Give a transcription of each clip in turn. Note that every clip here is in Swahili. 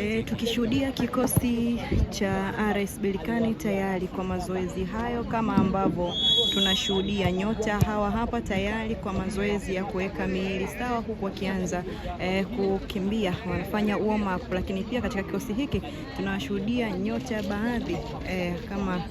E, tukishuhudia kikosi cha RS Berkane tayari kwa mazoezi hayo, kama ambavyo tunashuhudia nyota hawa hapa tayari kwa mazoezi ya kuweka miili sawa, huku wakianza e, kukimbia, wanafanya warm up. Lakini pia katika kikosi hiki tunashuhudia nyota baadhi e, kama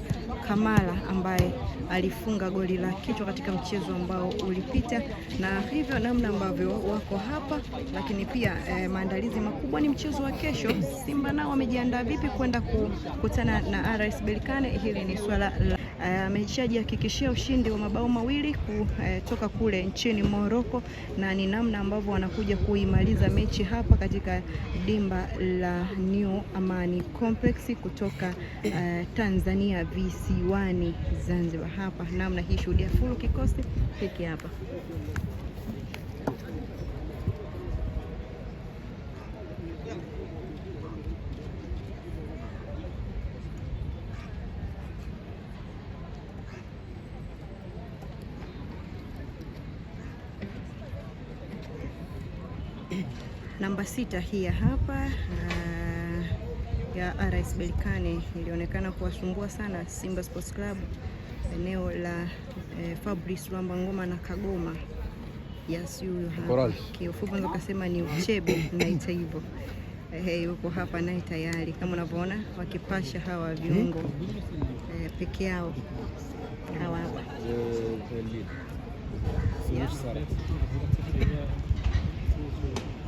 Kamala ambaye alifunga goli la kichwa katika mchezo ambao ulipita, na hivyo namna ambavyo wako hapa, lakini pia e, maandalizi makubwa ni mchezo wa kesho Simba nao wamejiandaa vipi kwenda kukutana na RS Berkane? Hili ni swala la ameshajihakikishia eh, ushindi wa mabao mawili kutoka eh, kule nchini Morocco, na ni namna ambavyo wanakuja kuimaliza mechi hapa katika dimba la New Amani Complex kutoka uh, Tanzania visiwani Zanzibar. Hapa namna hii, shuhudia full kikosi hiki hapa. namba sita hii ya hapa uh, ya RS Berkane ilionekana kuwasumbua sana Simba Sports Club eneo la eh, Fabrice Rwamba Ngoma na Kagoma. Yes, huyo hapa kiufupi unaweza kusema ni uchebe naita hivyo. Hey, eh, yuko hapa naye tayari kama unavyoona wakipasha hawa viungo eh, peke yao hawa hapa eh, yeah. Thank you.